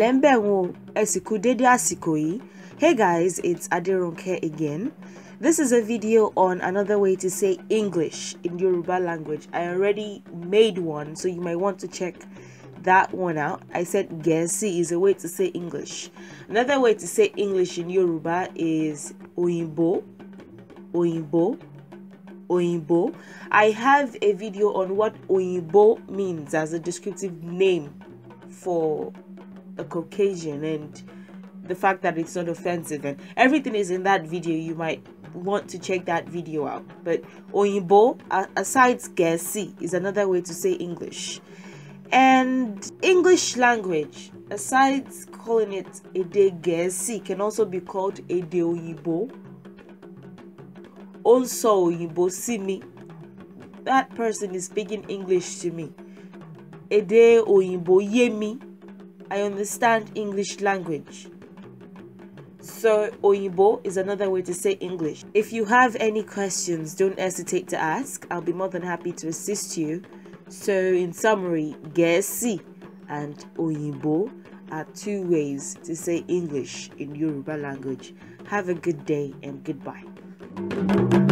Lembe wo bẹ̀ dédé àsìkò hey guys it's Aderonke again this is a video on another way to say English in Yoruba language I already made one so you might want to check that one out I said Gẹ̀ẹ́sì is a way to say English another way to say English in Yoruba is Òyìnbó Òyìnbó oimbo." I have a video on what "oimbo" means as a descriptive name for a Caucasian and the fact that it's not offensive and everything is in that video you might want to check that video out but Oyibo, aside Gesi is another way to say English and English language aside calling it Ede Gesi can also be called Ede Oyibo. also Oyibo Simi that person is speaking English to me Ede Oyinbo Yemi I understand English language. So, Oyibo is another way to say English. If you have any questions, don't hesitate to ask. I'll be more than happy to assist you. So, in summary, Gesi and Oyibo are two ways to say English in Yoruba language. Have a good day and goodbye.